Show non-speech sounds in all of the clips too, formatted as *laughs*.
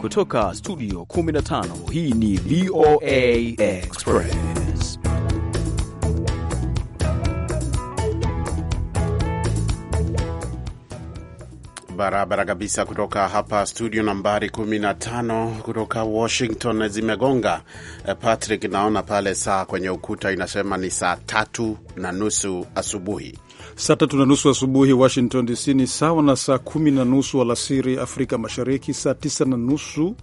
Kutoka studio 15 hii ni VOA Express. Barabara kabisa kutoka hapa studio nambari 15 kutoka Washington. Zimegonga eh, Patrick, naona pale saa kwenye ukuta inasema ni saa tatu na nusu asubuhi. Saa tatu na nusu asubuhi wa Washington DC ni sawa na saa kumi na nusu alasiri Afrika Mashariki, saa tisa na nusu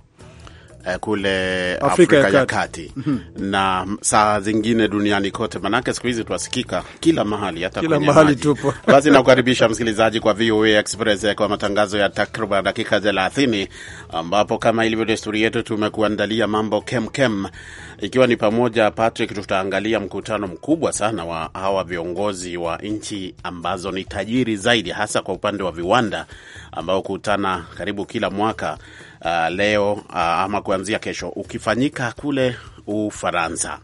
eh, kule Afrika, Afrika ya Kati mm -hmm. na saa zingine duniani kote, manake siku hizi twasikika kila mahali, hata kila mahali tupo. *laughs* Basi nakukaribisha msikilizaji kwa VOA Express kwa matangazo ya takriban dakika 30 ambapo kama ilivyo desturi yetu tumekuandalia mambo kem kem. Ikiwa ni pamoja Patrick, tutaangalia mkutano mkubwa sana wa hawa viongozi wa nchi ambazo ni tajiri zaidi hasa kwa upande wa viwanda ambao kukutana karibu kila mwaka uh, leo uh, ama kuanzia kesho ukifanyika kule Ufaransa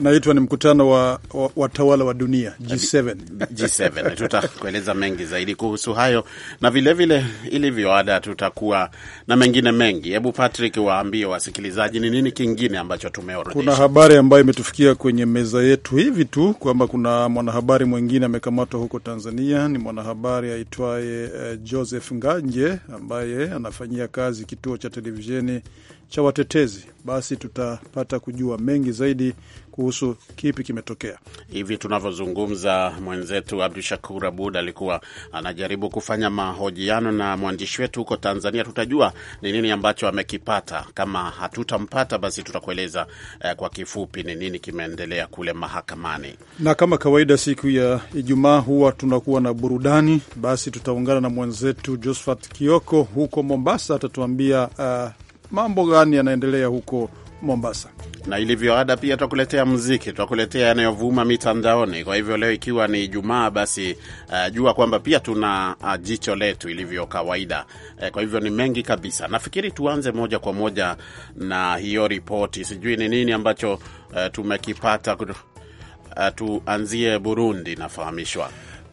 naitwa ni mkutano wa watawala wa, wa dunia G7. G7 tutakueleza mengi zaidi kuhusu hayo na vilevile, ilivyo ada, tutakuwa na mengine mengi. Hebu Patrick, waambie wasikilizaji ni nini kingine ambacho tumeorodhesha. Kuna habari ambayo imetufikia kwenye meza yetu hivi tu kwamba kuna mwanahabari mwingine amekamatwa huko Tanzania. Ni mwanahabari aitwaye eh, Joseph Nganje ambaye anafanyia kazi kituo cha televisheni cha Watetezi. Basi tutapata kujua mengi zaidi kuhusu kipi kimetokea. Hivi tunavyozungumza, mwenzetu Abdu Shakur Abud alikuwa anajaribu kufanya mahojiano na mwandishi wetu huko Tanzania. Tutajua ni nini ambacho amekipata. Kama hatutampata, basi tutakueleza eh, kwa kifupi ni nini kimeendelea kule mahakamani. Na kama kawaida, siku ya Ijumaa huwa tunakuwa na burudani, basi tutaungana na mwenzetu Josphat Kioko huko Mombasa, atatuambia uh, mambo gani yanaendelea huko Mombasa. Na ilivyo ada, pia twakuletea mziki twakuletea yanayovuma mitandaoni. Kwa hivyo leo ikiwa ni Ijumaa, basi uh, jua kwamba pia tuna uh, jicho letu ilivyo kawaida. Uh, kwa hivyo ni mengi kabisa. Nafikiri tuanze moja kwa moja na hiyo ripoti, sijui ni nini ambacho uh, tumekipata. Uh, tuanzie Burundi, nafahamishwa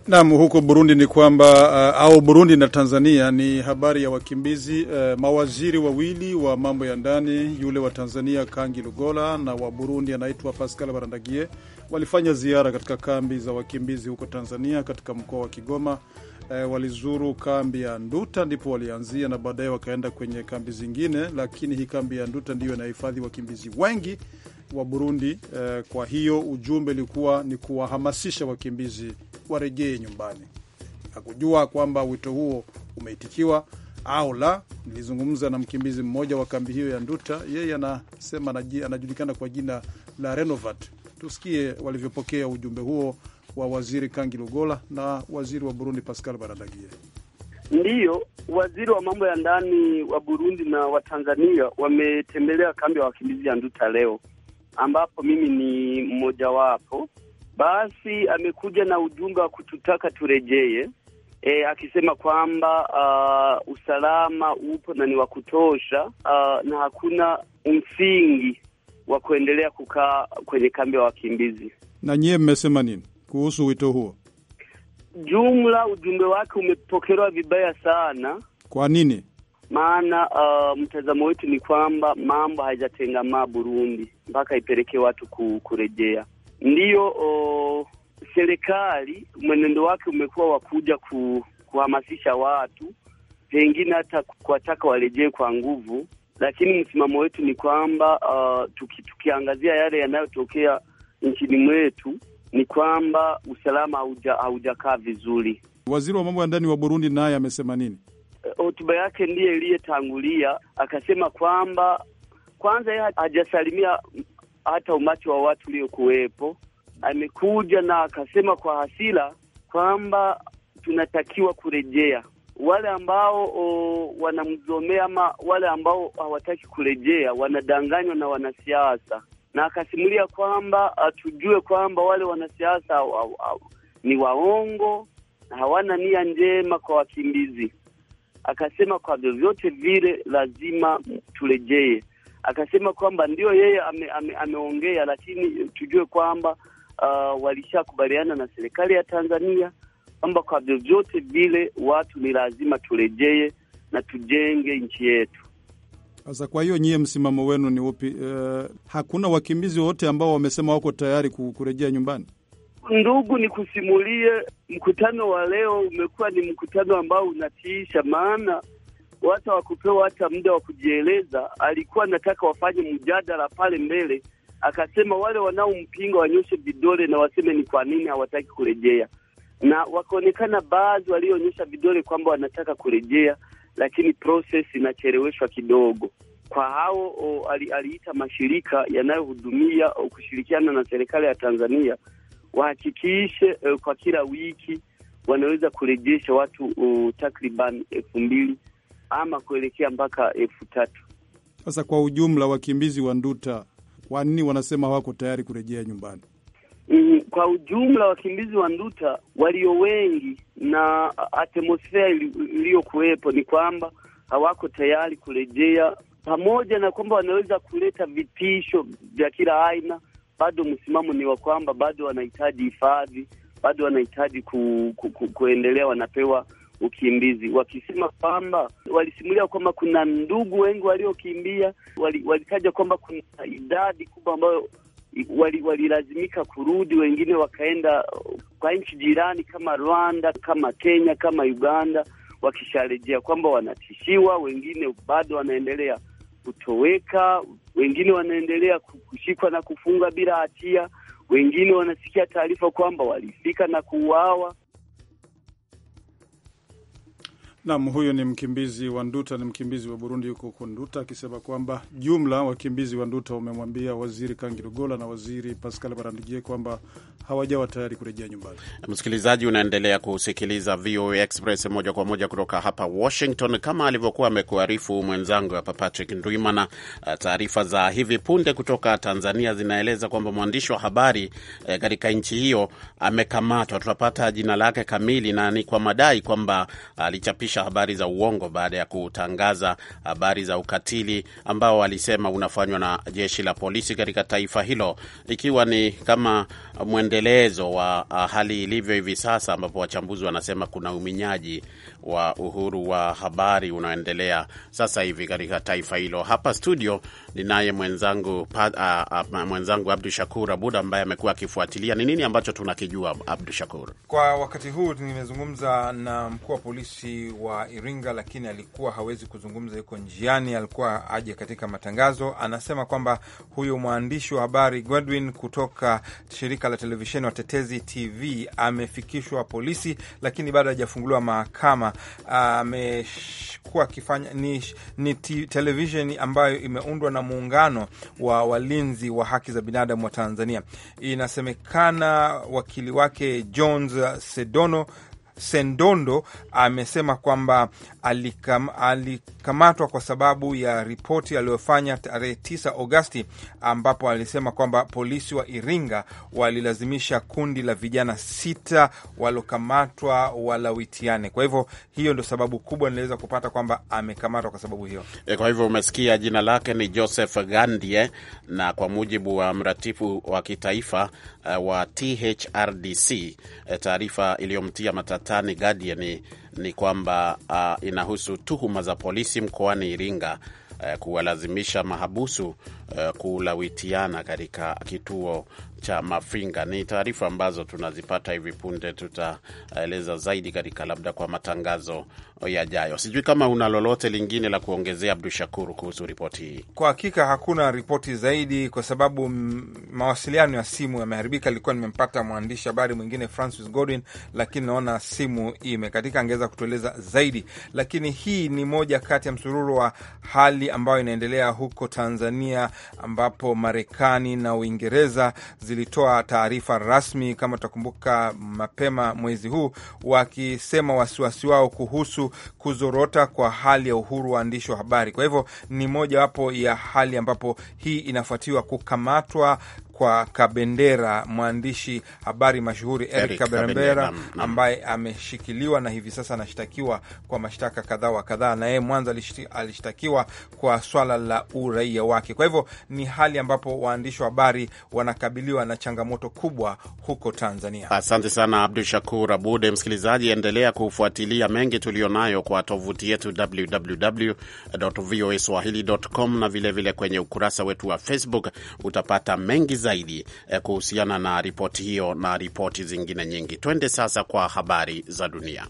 Naam, huko Burundi ni kwamba uh, au Burundi na Tanzania ni habari ya wakimbizi uh, mawaziri wawili wa mambo ya ndani, yule wa Tanzania Kangi Lugola na wa Burundi anaitwa Pascal Barandagie walifanya ziara katika kambi za wakimbizi huko Tanzania katika mkoa wa Kigoma. Uh, walizuru kambi ya Nduta ndipo walianzia, na baadaye wakaenda kwenye kambi zingine, lakini hii kambi ya Nduta ndiyo inahifadhi wakimbizi wengi wa Burundi. Uh, kwa hiyo ujumbe ulikuwa ni kuwahamasisha wakimbizi warejee nyumbani, na kujua kwamba wito huo umeitikiwa au la. Nilizungumza na mkimbizi mmoja wa kambi hiyo ya Nduta, yeye anasema anajulikana kwa jina la Renovat. Tusikie walivyopokea ujumbe huo wa Waziri Kangi Lugola na Waziri wa Burundi Pascal Baradagie. Ndiyo, waziri wa mambo ya ndani wa Burundi na wa Tanzania wametembelea kambi ya wakimbizi ya Nduta leo, ambapo mimi ni mmojawapo basi amekuja na ujumbe wa kututaka turejee, e, akisema kwamba uh, usalama upo na ni wa kutosha uh, na hakuna msingi wa kuendelea kukaa kwenye kambi ya wakimbizi. Na nyie mmesema nini kuhusu wito huo? Jumla ujumbe wake umepokelewa vibaya sana. Kwa nini? Maana uh, mtazamo wetu ni kwamba mambo hayajatengamaa Burundi mpaka ipelekee watu kurejea ndiyo serikali mwenendo wake umekuwa wa kuja ku, kuhamasisha watu, pengine hata kuwataka warejee kwa nguvu, lakini msimamo wetu ni kwamba uh, tuki, tukiangazia yale yanayotokea nchini mwetu ni kwamba usalama haujakaa vizuri. Waziri wa mambo ya ndani wa Burundi naye amesema nini? Hotuba yake ndiye iliyetangulia, akasema kwamba kwanza yeye hajasalimia hata umati wa watu uliokuwepo. Amekuja na akasema kwa hasira kwamba tunatakiwa kurejea. Wale ambao wanamzomea ama wale ambao hawataki kurejea wanadanganywa na wanasiasa, na akasimulia kwamba atujue kwamba wale wanasiasa au, au, au, ni waongo na hawana nia njema kwa wakimbizi. Akasema kwa vyovyote vile lazima turejee akasema kwamba ndio yeye ame, ame, ameongea, lakini tujue kwamba uh, walishakubaliana na serikali ya Tanzania kwamba kwa vyovyote vile watu ni lazima turejee na tujenge nchi yetu. Sasa kwa hiyo nyie, msimamo wenu ni upi? Uh, hakuna wakimbizi wote ambao wamesema wako tayari kurejea nyumbani. Ndugu, nikusimulie mkutano wa leo umekuwa ni mkutano ambao unatiisha, maana watu wakupewa hata muda wa kujieleza. Alikuwa anataka wafanye mjadala pale mbele, akasema wale wanaompinga wanyoshe vidole na waseme ni kwa nini hawataki kurejea, na wakaonekana baadhi walioonyesha vidole kwamba wanataka kurejea, lakini process inacheleweshwa kidogo. Kwa hao ali, aliita mashirika yanayohudumia kushirikiana na serikali ya Tanzania wahakikishe e, kwa kila wiki wanaweza kurejesha watu takriban elfu mbili ama kuelekea mpaka elfu tatu. Sasa kwa ujumla, wakimbizi wa Nduta kwa nini wanasema hawako tayari kurejea nyumbani? Mm, kwa ujumla wakimbizi wa Nduta walio wengi na atmosfea iliyokuwepo ni kwamba hawako tayari kurejea, pamoja na kwamba wanaweza kuleta vitisho vya kila aina, bado msimamo ni wa kwamba bado wanahitaji hifadhi, bado wanahitaji ku, ku, ku, kuendelea, wanapewa ukimbizi, wakisema kwamba walisimulia kwamba kuna ndugu wengi waliokimbia, walitaja kwamba kuna idadi kubwa ambayo walilazimika wali kurudi, wengine wakaenda kwa nchi jirani kama Rwanda, kama Kenya, kama Uganda, wakisharejea kwamba wanatishiwa, wengine bado wanaendelea kutoweka, wengine wanaendelea kushikwa na kufunga bila hatia, wengine wanasikia taarifa kwamba walifika na kuuawa. Nam, huyu ni mkimbizi wa Nduta, ni mkimbizi wa Burundi huko huko Nduta, akisema kwamba jumla wakimbizi wa Nduta wamemwambia waziri Kangirugola na waziri Pascal Barandigie kwamba hawajawa tayari kurejea nyumbani. Msikilizaji, unaendelea kusikiliza VOA Express moja kwa moja kutoka hapa Washington, kama alivyokuwa amekuarifu mwenzangu hapa Patrick Ndwimana. Eh, taarifa za hivi punde kutoka Tanzania zinaeleza kwamba mwandishi wa habari eh, katika eh, nchi hiyo amekamatwa. Tutapata jina lake kamili na ni kwa madai kwamba alichapisha kuchapisha habari za uongo baada ya kutangaza habari za ukatili ambao walisema unafanywa na jeshi la polisi katika taifa hilo, ikiwa ni kama mwendelezo wa ah, hali ilivyo hivi sasa, ambapo wachambuzi wanasema kuna uminyaji wa uhuru wa habari unaoendelea sasa hivi katika taifa hilo. Hapa studio ninaye mwenzangu, ah, ah, mwenzangu Abdu Shakur Abud ambaye amekuwa akifuatilia ni nini ambacho tunakijua. Abdu Shakur, kwa wakati huu nimezungumza na mkuu wa polisi wa Iringa, lakini alikuwa hawezi kuzungumza, yuko njiani, alikuwa aje katika matangazo. Anasema kwamba huyu mwandishi wa habari Godwin kutoka shirika la televisheni Watetezi TV amefikishwa polisi, lakini bado hajafunguliwa mahakama. Amekuwa akifanya ni, ni televisheni ambayo imeundwa na muungano wa walinzi wa haki za binadamu wa Tanzania. Inasemekana wakili wake Jones Sedono Sendondo amesema kwamba alikam, alikamatwa kwa sababu ya ripoti aliyofanya tarehe 9 Agosti, ambapo alisema kwamba polisi wa Iringa walilazimisha kundi la vijana sita waliokamatwa walawitiane. Kwa hivyo hiyo ndio sababu kubwa niliweza kupata kwamba amekamatwa kwa sababu hiyo. E, kwa hivyo umesikia jina lake ni Joseph Gandie, na kwa mujibu wa mratibu wa kitaifa uh, wa THRDC, e, taarifa iliyomtia matatani Guardian ni kwamba uh, inahusu tuhuma za polisi mkoani Iringa uh, kuwalazimisha mahabusu uh, kulawitiana katika kituo cha Mafinga. Ni taarifa ambazo tunazipata hivi punde, tutaeleza zaidi katika labda kwa matangazo yajayo. Sijui kama una lolote lingine la kuongezea Abdu Shakuru kuhusu ripoti hii? Kwa hakika hakuna ripoti zaidi, kwa sababu mawasiliano ya simu yameharibika. Ilikuwa nimempata mwandishi habari mwingine Francis Godwin, lakini naona simu imekatika, angeweza kutueleza zaidi. Lakini hii ni moja kati ya msururu wa hali ambayo inaendelea huko Tanzania, ambapo Marekani na Uingereza zilitoa taarifa rasmi, kama tutakumbuka, mapema mwezi huu wakisema wasiwasi wao kuhusu kuzorota kwa hali ya uhuru waandishi wa habari. Kwa hivyo ni mojawapo ya hali ambapo hii inafuatiwa kukamatwa kwa Kabendera, mwandishi habari mashuhuri Eric, Kabendera ambaye ameshikiliwa na hivi sasa anashtakiwa kwa mashtaka kadhaa wa kadhaa, na yeye mwanzo alishtakiwa kwa swala la uraia wake. Kwa hivyo ni hali ambapo waandishi wa habari wanakabiliwa na changamoto kubwa huko Tanzania. Asante sana Abdu Shakur Abude. Msikilizaji, endelea kufuatilia mengi tuliyonayo kwa tovuti yetu www voa swahili com, na vilevile vile kwenye ukurasa wetu wa Facebook utapata mengi za zaidi eh, kuhusiana na ripoti hiyo na ripoti zingine nyingi. Twende sasa kwa habari za dunia.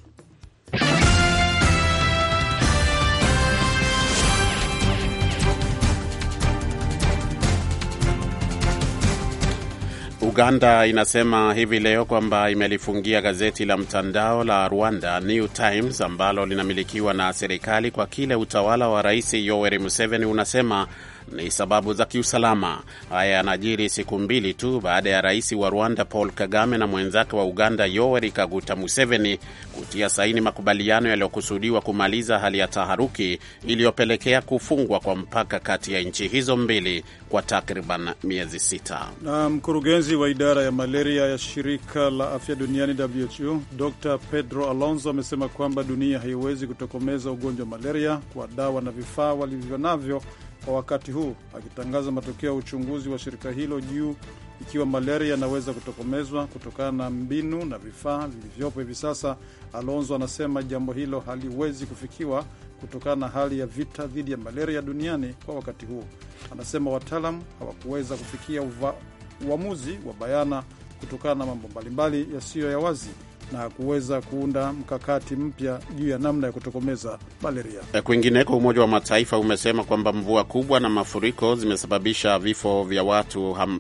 Uganda inasema hivi leo kwamba imelifungia gazeti la mtandao la Rwanda New Times ambalo linamilikiwa na serikali kwa kile utawala wa Rais Yoweri Museveni unasema ni sababu za kiusalama. Haya yanajiri siku mbili tu baada ya rais wa Rwanda Paul Kagame na mwenzake wa Uganda Yoweri Kaguta Museveni kutia saini makubaliano yaliyokusudiwa kumaliza hali ya taharuki iliyopelekea kufungwa kwa mpaka kati ya nchi hizo mbili kwa takriban miezi sita. Na mkurugenzi wa idara ya malaria ya shirika la afya duniani WHO Dr Pedro Alonso amesema kwamba dunia haiwezi kutokomeza ugonjwa wa malaria kwa dawa na vifaa walivyonavyo kwa wakati huu, akitangaza matokeo ya uchunguzi wa shirika hilo juu ikiwa malaria yanaweza kutokomezwa kutokana na mbinu na vifaa vilivyopo hivi sasa. Alonso anasema jambo hilo haliwezi kufikiwa kutokana na hali ya vita dhidi ya malaria duniani kwa wakati huu. Anasema wataalam hawakuweza kufikia uva, uamuzi wa bayana kutokana na mambo mbalimbali yasiyo ya wazi na kuweza kuunda mkakati mpya juu ya namna ya kutokomeza malaria. Eh, kwingineko, Umoja wa Mataifa umesema kwamba mvua kubwa na mafuriko zimesababisha vifo vya watu ham,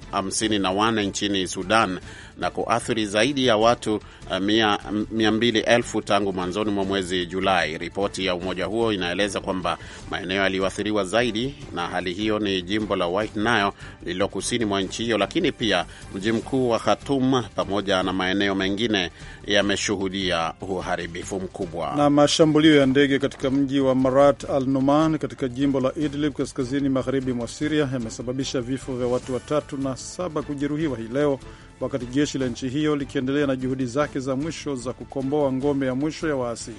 nchini Sudan na kuathiri zaidi ya watu eh, mia, mia mbili elfu tangu mwanzoni mwa mwezi Julai. Ripoti ya umoja huo inaeleza kwamba maeneo yaliyoathiriwa zaidi na hali hiyo ni jimbo la White Nile lililo kusini mwa nchi hiyo, lakini pia mji mkuu wa Khartoum pamoja na maeneo mengine yameshuhudia uharibifu mkubwa na mashambulio ya ndege katika mji wa Marat al Numan katika jimbo la Idlib kaskazini magharibi mwa Siria yamesababisha vifo vya watu watatu na saba kujeruhiwa hii leo wakati jeshi la nchi hiyo likiendelea na juhudi zake za mwisho za kukomboa ngome ya mwisho ya waasi.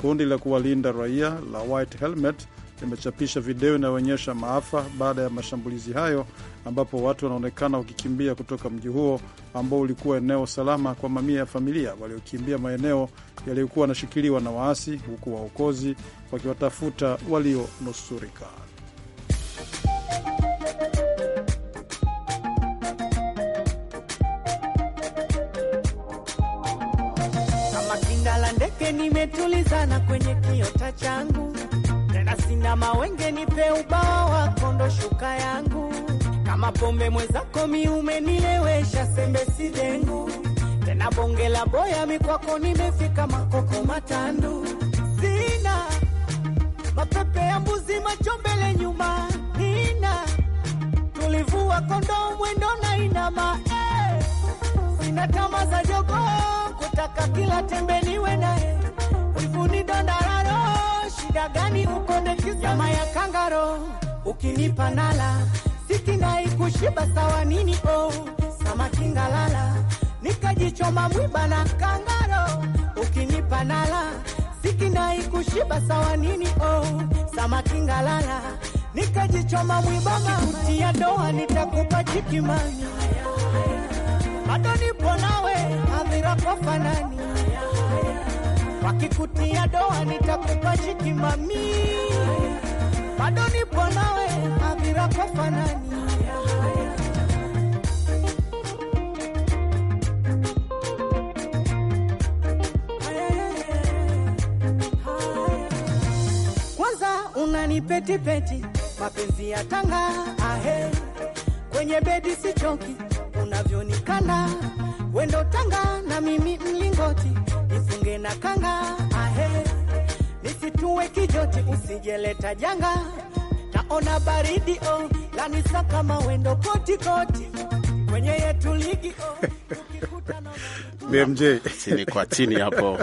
Kundi la kuwalinda raia la White Helmet limechapisha video inayoonyesha maafa baada ya mashambulizi hayo, ambapo watu wanaonekana wakikimbia kutoka mji huo ambao ulikuwa eneo salama kwa mamia ya familia waliokimbia maeneo yaliyokuwa yanashikiliwa na waasi, huku waokozi wakiwatafuta walionusurika. kichwa changu, tena sina mawenge, nipe ubawa wako ndo shuka yangu, kama pombe mwenzako miume nilewesha sembe sidengu, tena bonge la boya mikwako nimefika makoko matandu, sina mapepe ya mbuzi macho mbele nyuma nina tulivu wa kondoo mwendo na inama eh, sina tama za jogo kutaka kila tembe niwe naye eh, wivuni dondararo Shida gani ukonde nyama ya kangaro ukinipa nala nai kushiba sawa nini o oh, samaki ngalala nikajichoma mwiba na kangaro ukinipa nala nai kushiba sawa nini o oh, samaki ngalala nikajichoma mwiba ya doa nitakupa chikimani bado nipo nawe hadhira kwa fanani Ukikutia doa nitakupa shiki mami, bado nipo nawe avira kwa fanani Unanipetipeti mapenzi ya tanga ahe, kwenye bedi sichoki, unavyonikanda wendo tanga na mimi mlingoti mpunge na kanga, ahe nisituwe kijoti, usijeleta janga, taona baridi oh, lanisaka mawendo kotikoti BMJ chini kwa chini hapo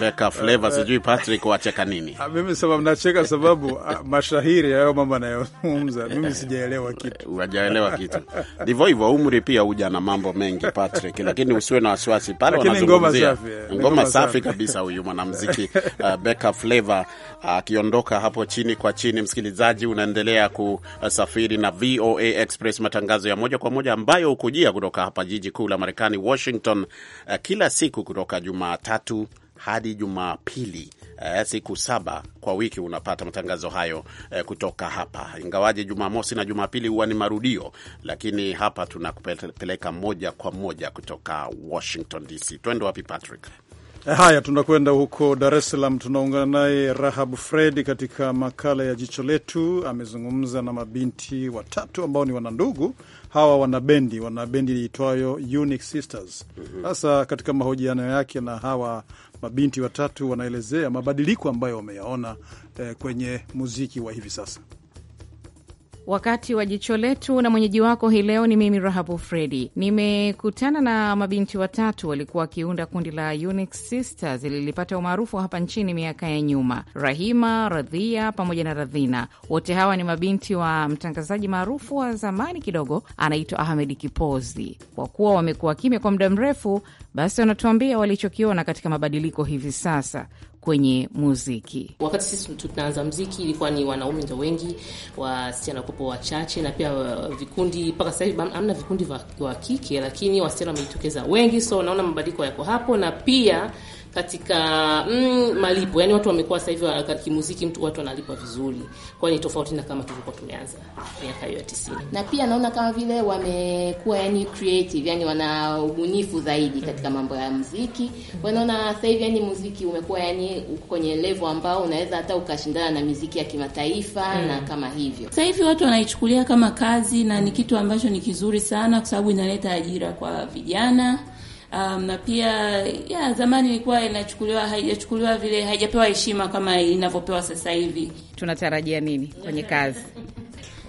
Beka flavor, sijui Patrick wacheka nini? Ah, mimi sababu nacheka sababu mashahiri hayo mambo anayozungumza mimi eh, sijaelewa kitu. Unajaelewa kitu, ndivyo hivyo. Umri pia huja na mambo mengi Patrick, lakini usiwe na wasiwasi pale wanazungumzia eh, ngoma safi, ngoma safi kabisa. Huyu mwanamuziki uh, Beka Flavor akiondoka uh, hapo chini kwa chini. Msikilizaji, unaendelea kusafiri na VOA Express, matangazo ya moja kwa moja ambayo uko yanakujia kutoka hapa jiji kuu la Marekani, Washington, eh, kila siku kutoka Jumatatu hadi Jumapili, eh, siku saba kwa wiki unapata matangazo hayo eh, kutoka hapa, ingawaje Jumamosi na Jumapili huwa ni marudio, lakini hapa tunakupeleka moja kwa moja kutoka Washington DC. Twende wapi, Patrick? Haya, tunakwenda huko Dar es Salaam, tunaungana naye rahab Fredi katika makala ya jicho letu. Amezungumza na mabinti watatu ambao ni wanandugu, hawa wana bendi, wana bendi iitwayo Unique Sisters. Mhm. Sasa katika mahojiano yake na hawa mabinti watatu, wanaelezea mabadiliko ambayo wameyaona eh, kwenye muziki wa hivi sasa. Wakati wa jicho letu na mwenyeji wako hii leo ni mimi Rahabu Fredi. Nimekutana na mabinti watatu walikuwa wakiunda kundi la Unix Sisters lilipata umaarufu hapa nchini miaka ya nyuma, Rahima, Radhia pamoja na Radhina. Wote hawa ni mabinti wa mtangazaji maarufu wa zamani kidogo anaitwa Ahmed Kipozi. Kwa kuwa wamekuwa kimya kwa muda mrefu, basi wanatuambia walichokiona katika mabadiliko hivi sasa kwenye muziki. Wakati sisi tunaanza mziki, ilikuwa ni wanaume ndo wengi, wasichana kupo wachache, na pia uh, vikundi. Mpaka sasa hivi hamna vikundi vya kike, lakini wasichana wamejitokeza wengi, so naona mabadiliko yako hapo, na pia katika mm, malipo. Yani watu wamekuwa sasa hivi wa, kimuziki mtu watu wanalipa vizuri, kwa ni tofauti na kama tulikuwa tumeanza miaka hiyo ya 90. Na pia naona kama vile wamekuwa yani creative, yani wana ubunifu zaidi katika mambo ya muziki. Kwa naona sasa hivi yani muziki umekuwa yani kwenye level ambao unaweza hata ukashindana na muziki ya kimataifa mm. na kama hivyo. Sasa hivi watu wanaichukulia kama kazi na ni kitu ambacho ni kizuri sana kwa sababu inaleta ajira kwa vijana um, na pia ya zamani ilikuwa inachukuliwa haijachukuliwa vile, haijapewa heshima kama inavyopewa sasa hivi. Tunatarajia nini kwenye kazi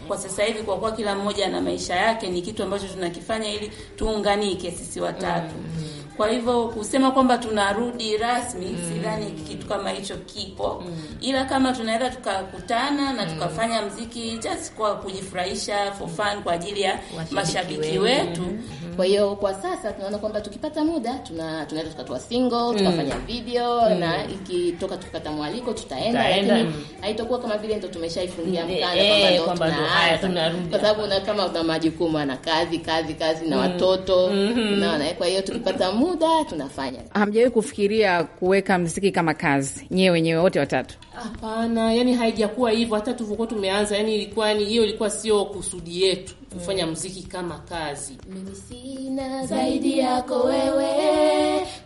kwa sasa hivi? Kwa kuwa kila mmoja ana maisha yake, ni kitu ambacho tunakifanya ili tuunganike sisi watatu mm -hmm. Kwa hivyo kusema kwamba tunarudi rasmi mm. sidhani kitu kama hicho kipo mm. ila kama tunaweza tukakutana na mm. tukafanya mziki just kwa kujifurahisha for fun kwa ajili ya mashabiki wetu mm. -hmm. Kwa hiyo kwa sasa tunaona kwamba tukipata muda tuna tunaweza tukatoa single mm. tukafanya video mm. na ikitoka tukipata mwaliko tutaenda, lakini mm. haitakuwa kama vile ndo tumeshaifungia mkanda e, kwamba eh, haya tunarudi, kwa sababu na kama una majukumu na kazi kazi kazi na mm. watoto mm. unaona. Eh, kwa hiyo tukipata muda muda tunafanya. Hamjawahi kufikiria kuweka mziki kama kazi nyewe wenyewe wote watatu? Hapana, yani haijakuwa hivyo hata tuvokuwa tumeanza, yani ilikuwa ni hiyo, ilikuwa sio kusudi yetu kufanya mm, mziki kama kazi. Mimi sina zaidi yako wewe,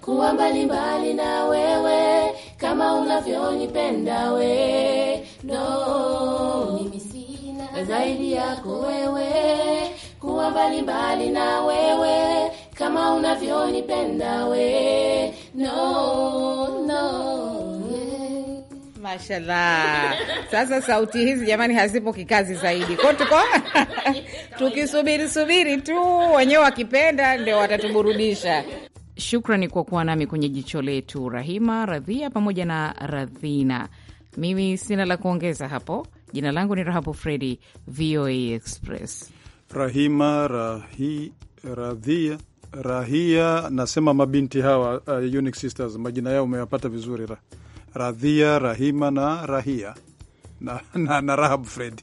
kuwa mbalimbali na wewe kama unavyonipenda we, no. Mimi sina zaidi yako wewe, kuwa mbalimbali na wewe kama unavyonipenda we no, no, Mashallah. Sasa sauti hizi jamani, hazipo kikazi zaidi ko tuko *laughs* tukisubiri subiri tu, wenyewe wakipenda ndio watatuburudisha. Shukrani kwa kuwa nami kwenye jicho letu, Rahima Radhia pamoja na Radhina. Mimi sina la kuongeza hapo. Jina langu ni Rahabu Fredi, VOA Express. Rahima Rahi, Radhia Rahia nasema mabinti hawa uh, Unique Sisters, majina yao umeyapata vizuri ra. Radhia, Rahima na Rahia na, na, na Rahab Fred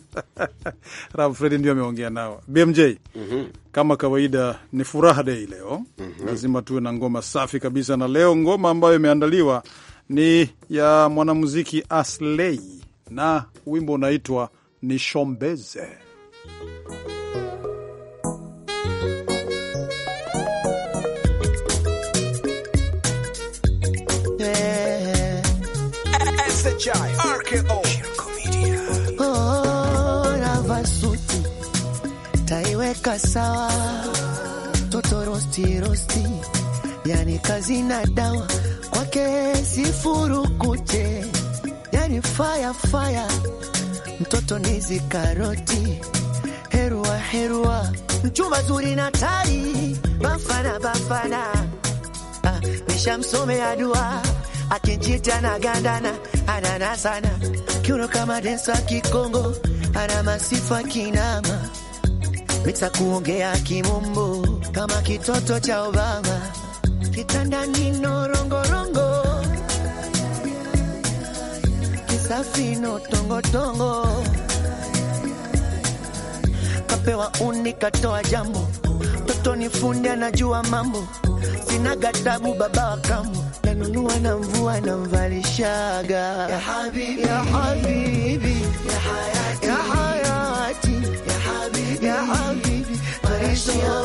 *laughs* Rahab Fred ndio ameongea nao BMJ. mm -hmm. Kama kawaida ni furaha dei leo. mm -hmm. Lazima tuwe na ngoma safi kabisa, na leo ngoma ambayo imeandaliwa ni ya mwanamuziki Aslei na wimbo unaitwa Nishombeze. kuweka sawa toto rosti rosti, yani kazi na dawa kwake sifurukuche, yani fire fire, mtoto nizi karoti herua herua, mchuma zuri na tai bafana bafana, ah, ya dua akijita na gandana anana sana kiuno kama densa Kikongo ana masifa kinama kuongea kimombo kama kitoto cha Obama, kitandani norongorongo, kisafi no tongotongo, kapewa uni katoa jambo, toto ni fundi anajua mambo, sina gadabu baba wa kambo, nanunua na mvua mvalishaga ya habibi, ya habibi, ya hayati, ya habibi. يا حبيبي معلش يا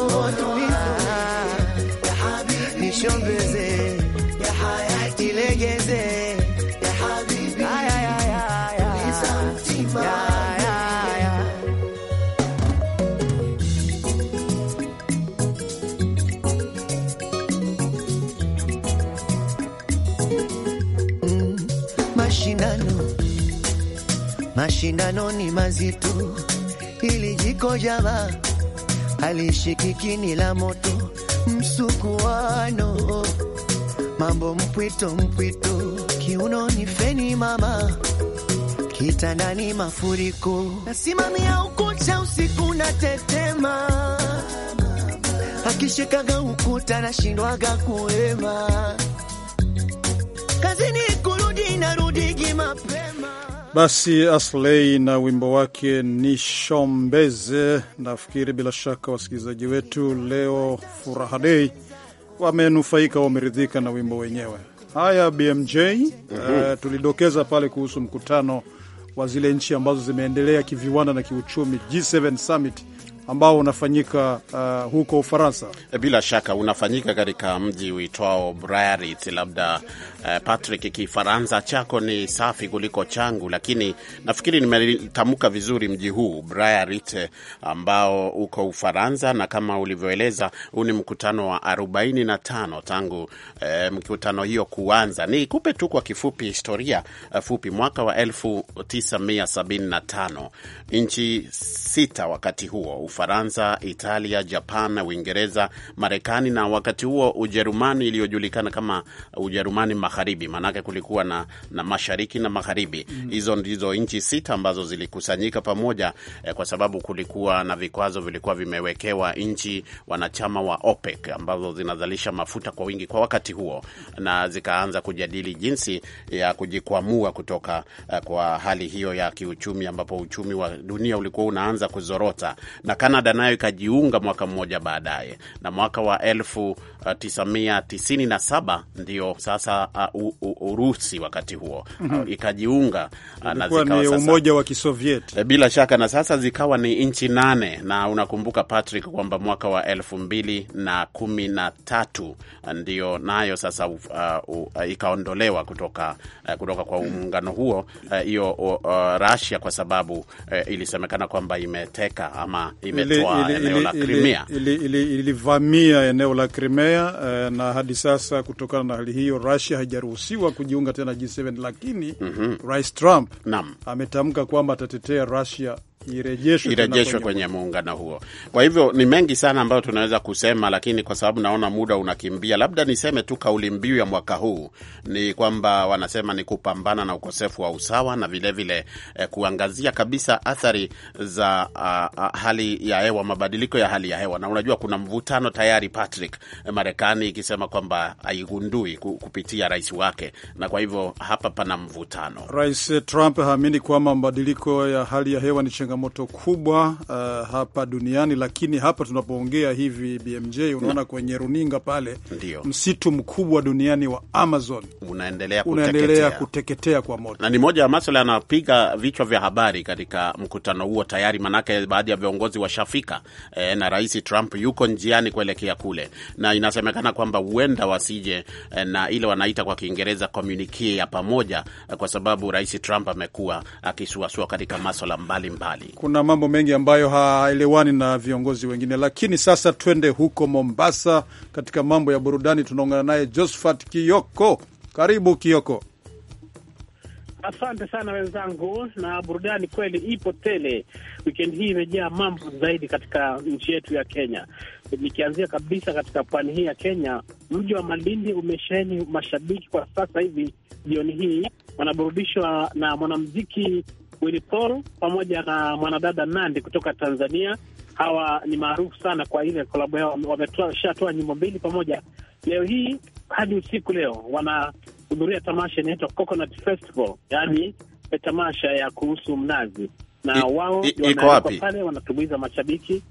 يا حبيبي نشوف بزين يا حياتي لجزين يا حبيبي يا يا يا يا يا mashindano mashindano ni mazito pili jiko java halishikiki, ni la moto msukuano, mambo mpwito mpwito, ni feni mama, kitandani mafuriko, nasimamia ukuta usiku na tetema, akishikaga ukuta nashindwaga kuema, kazini kurudi narudigi mapema basi Aslei na wimbo wake ni shombeze. Nafikiri bila shaka wasikilizaji wetu leo furaha dei wamenufaika, wameridhika na wimbo wenyewe. Haya, BMJ, eh, mm -hmm. uh, tulidokeza pale kuhusu mkutano wa zile nchi ambazo zimeendelea kiviwanda na kiuchumi G7 Summit ambao unafanyika uh, huko Ufaransa. Bila shaka unafanyika katika mji uitwao Biarritz. Labda Eh, Patrick, Kifaransa chako ni safi kuliko changu, lakini nafikiri nimetamka vizuri mji huu Briarite, ambao uko Ufaransa, na kama ulivyoeleza, huu ni mkutano wa 45 tangu eh, mkutano hiyo kuanza. Ni kupe tu kwa kifupi historia eh, fupi. Mwaka wa 1975 nchi sita wakati huo, Ufaransa, Italia, Japan, Uingereza, Marekani na wakati huo Ujerumani iliyojulikana kama Ujerumani magharibi, maanake kulikuwa na, na mashariki na magharibi. Mm. Hizo mm. ndizo nchi sita ambazo zilikusanyika pamoja eh, kwa sababu kulikuwa na vikwazo vilikuwa vimewekewa nchi wanachama wa OPEC ambazo zinazalisha mafuta kwa wingi kwa wakati huo, na zikaanza kujadili jinsi ya kujikwamua kutoka eh, kwa hali hiyo ya kiuchumi, ambapo uchumi wa dunia ulikuwa unaanza kuzorota, na Canada nayo ikajiunga mwaka mmoja baadaye na mwaka wa elfu 1997 ndio sasa uh, u, u, Urusi wakati huo mm -hmm. uh, ikajiunga uh, na zikawa sasa umoja wa Kisovieti uh, bila shaka, na sasa zikawa ni nchi nane, na unakumbuka Patrick kwamba mwaka wa elfu mbili na kumi na tatu ndio nayo sasa uh, uh, uh, ikaondolewa kutoka, uh, kutoka kwa muungano huo hiyo uh, uh, Russia kwa sababu uh, ilisemekana kwamba imeteka ama imetoa eneo la Crimea, ilivamia eneo la Crimea Ulaya eh, na hadi sasa kutokana na hali hiyo Russia haijaruhusiwa kujiunga tena G7, lakini mm -hmm. Rais Trump ametamka kwamba atatetea Russia irejeshwe kwenye, kwenye muungano huo. Kwa hivyo ni mengi sana ambayo tunaweza kusema, lakini kwa sababu naona muda unakimbia, labda niseme tu kauli mbiu ya mwaka huu ni kwamba wanasema ni kupambana na ukosefu wa usawa na vilevile vile, eh, kuangazia kabisa athari za ah, ah, hali ya hewa, mabadiliko ya hali ya hewa. Na unajua kuna mvutano tayari Patrick, eh, Marekani ikisema kwamba haigundui kupitia rais wake, na kwa hivyo hapa pana mvutano. Rais eh, Trump haamini kwamba mabadiliko ya hali ya hewa ni changa changamoto kubwa uh, hapa duniani, lakini hapa tunapoongea hivi BMJ unaona no. kwenye runinga pale Ndiyo. msitu mkubwa duniani wa Amazon unaendelea kuteketea, unaendelea kuteketea kwa moto, na ni moja ya maswala yanayopiga vichwa vya habari katika mkutano huo tayari, manake baadhi ya viongozi washafika eh, na Rais Trump yuko njiani kuelekea kule, na inasemekana kwamba huenda wasije eh, na ile wanaita kwa Kiingereza komunikie ya pamoja, eh, kwa sababu Rais Trump amekuwa akisuasua katika maswala mbalimbali serikali. Kuna mambo mengi ambayo haelewani na viongozi wengine, lakini sasa twende huko Mombasa. Katika mambo ya burudani, tunaungana naye Josephat Kioko. Karibu Kioko. Asante sana wenzangu, na burudani kweli ipo tele. Wikendi hii imejaa mambo zaidi katika nchi yetu ya Kenya. Nikianzia kabisa katika pwani hii ya Kenya, mji wa Malindi umesheheni mashabiki kwa sasa hivi. Jioni hii wanaburudishwa na mwanamziki Willy Paul pamoja na mwanadada Nandi kutoka Tanzania. Hawa ni maarufu sana kwa ile kolabo yao, wameshatoa nyimbo mbili pamoja. Leo hii hadi usiku leo wanahudhuria tamasha inaitwa Coconut Festival, yaani tamasha ya kuhusu mnazi, na wao pale wanatumbuiza mashabiki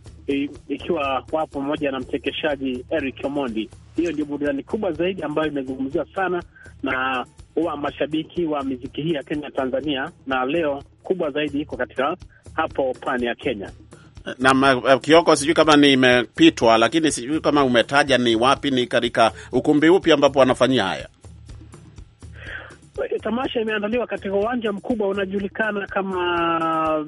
ikiwa wapo pamoja na mchekeshaji Eric Omondi. Hiyo ndio burudani kubwa zaidi ambayo imezungumziwa sana na wa mashabiki wa miziki hii ya Kenya Tanzania, na leo kubwa zaidi iko katika hapo pwani ya Kenya. Na eh, Kioko, sijui kama nimepitwa, lakini sijui kama umetaja ni wapi, ni katika ukumbi upi ambapo wanafanyia haya eh, tamasha? Imeandaliwa katika uwanja mkubwa unajulikana kama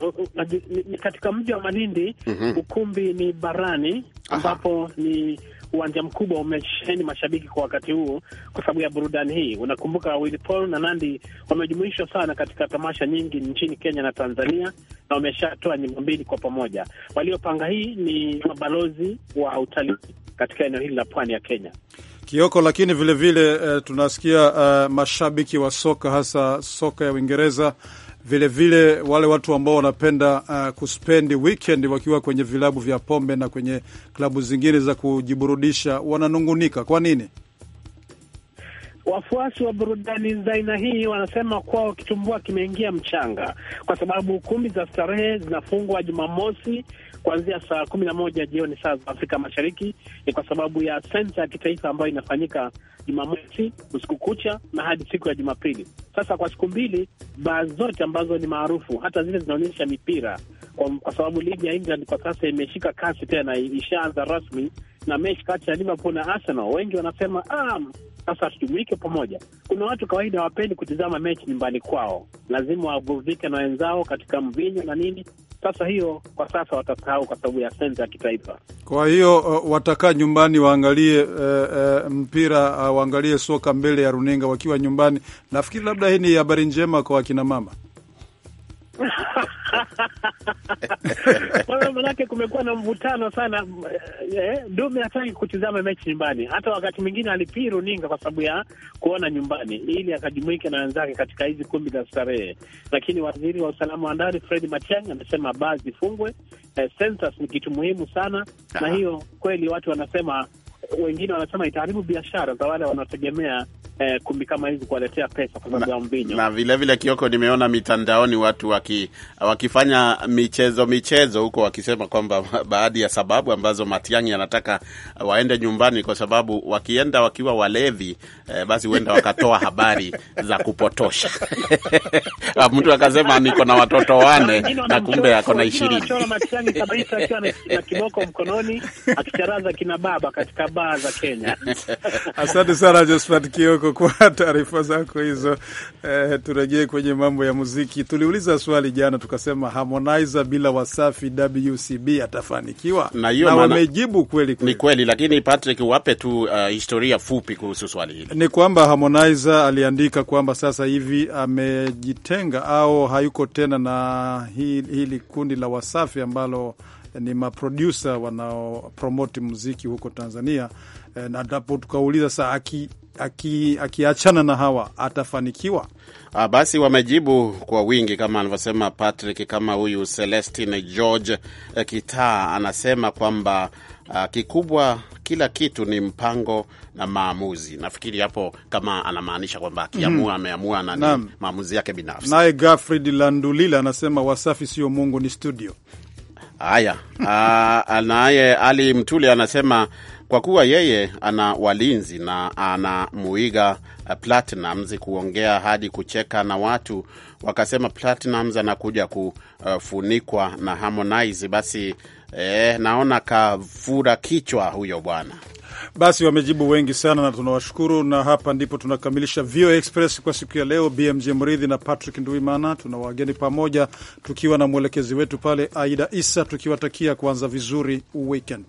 uh, uh, ni katika mji wa Malindi. mm -hmm. Ukumbi ni barani ambapo ni uwanja mkubwa umesheheni mashabiki kwa wakati huu kwa sababu ya burudani hii. Unakumbuka Willy Paul na Nandi wamejumuishwa sana katika tamasha nyingi nchini Kenya na Tanzania, na wameshatoa nyimbo mbili kwa pamoja. Waliopanga hii ni mabalozi wa utalii katika eneo hili la pwani ya Kenya, Kioko. Lakini vilevile vile, uh, tunasikia uh, mashabiki wa soka hasa soka ya Uingereza vilevile vile wale watu ambao wanapenda uh, kuspendi weekend wakiwa kwenye vilabu vya pombe na kwenye klabu zingine za kujiburudisha wananungunika. Kwa nini? Wafuasi wa burudani za aina hii wanasema kwao kitumbua kimeingia mchanga, kwa sababu kumbi za starehe zinafungwa Jumamosi kuanzia saa kumi na moja jioni saa za Afrika Mashariki. Ni kwa sababu ya sensa ya kitaifa ambayo inafanyika Jumamosi usiku kucha na hadi siku ya Jumapili. Sasa kwa siku mbili, baa zote ambazo ni maarufu, hata zile zinaonyesha mipira kwa, kwa sababu ligi ya England kwa sasa imeshika kasi tena, ishaanza rasmi na mechi kati ya Liverpool na Arsenal. Wengi wanasema ah, sasa tujumuike pamoja. Kuna watu kawaida hawapendi kutizama mechi nyumbani kwao, lazima waburudike na wenzao katika mvinyo na nini. Sasa hiyo kwa sasa watasahau kwa sababu ya sensa ya kitaifa. Kwa hiyo uh, watakaa nyumbani waangalie uh, uh, mpira uh, waangalie soka mbele ya runinga wakiwa nyumbani. Nafikiri labda hii ni habari njema kwa akina mama *laughs* Kwa manake kumekuwa na mvutano sana eh, eh Dume hataki kutizama mechi nyumbani. Hata wakati mwingine alipii runinga kwa sababu ya kuona nyumbani, ili akajumuike na wenzake katika hizi kumbi za starehe. Lakini waziri wa usalama wa ndani Fred Matiang'i anasema baa zifungwe, eh, census ni kitu muhimu sana Aha. na hiyo kweli watu wanasema, wengine wanasema itaharibu biashara za wale wanaotegemea eh, kumbi kama hizi kuwaletea pesa kwa sababu ya mvinyo. Na vile vile, Kioko, nimeona mitandaoni watu waki, wakifanya michezo michezo huko wakisema kwamba *laughs* baadhi ya sababu ambazo Matiang'i anataka waende nyumbani kwa sababu wakienda wakiwa walevi eh, basi huenda wakatoa habari za kupotosha *laughs* mtu akasema niko na watoto wane na kumbe ako na ishirini kabisa mkononi akicharaza kina baba katika baa za Kenya. *laughs* Asante sana Josphat Kioko kwako kwa taarifa zako hizo. Eh, turejee kwenye mambo ya muziki. Tuliuliza swali jana tukasema Harmonize bila Wasafi WCB atafanikiwa na, na wamejibu kweli kweli. Ni kweli, lakini Patrick, wape tu uh, historia fupi kuhusu swali hili. Ni kwamba Harmonize aliandika kwamba sasa hivi amejitenga au hayuko tena na hili, hili kundi la Wasafi ambalo ni maprodusa wanaopromoti muziki huko Tanzania eh, na ndapo tukauliza saa aki, akiachana na hawa atafanikiwa? Ah, basi wamejibu kwa wingi kama anavyosema Patrick, kama huyu Celestine George eh, Kitaa anasema kwamba ah, kikubwa kila kitu ni mpango na maamuzi. Nafikiri hapo kama anamaanisha kwamba akiamua, mm, ameamua na ni maamuzi yake binafsi. Naye Gafrid Landulila anasema Wasafi sio Mungu, ni studio. Haya, ah, naye Ali Mtuli anasema kwa kuwa yeye ana walinzi na anamuiga uh, platnams kuongea hadi kucheka na watu wakasema Platinumz anakuja kufunikwa na Harmonize. Basi eh, naona kavura kichwa huyo bwana. Basi wamejibu wengi sana na tunawashukuru, na hapa ndipo tunakamilisha VOA Express kwa siku ya leo. BMJ Mridhi na Patrick Nduimana tuna wageni pamoja, tukiwa na mwelekezi wetu pale Aida Isa, tukiwatakia kuanza vizuri weekend.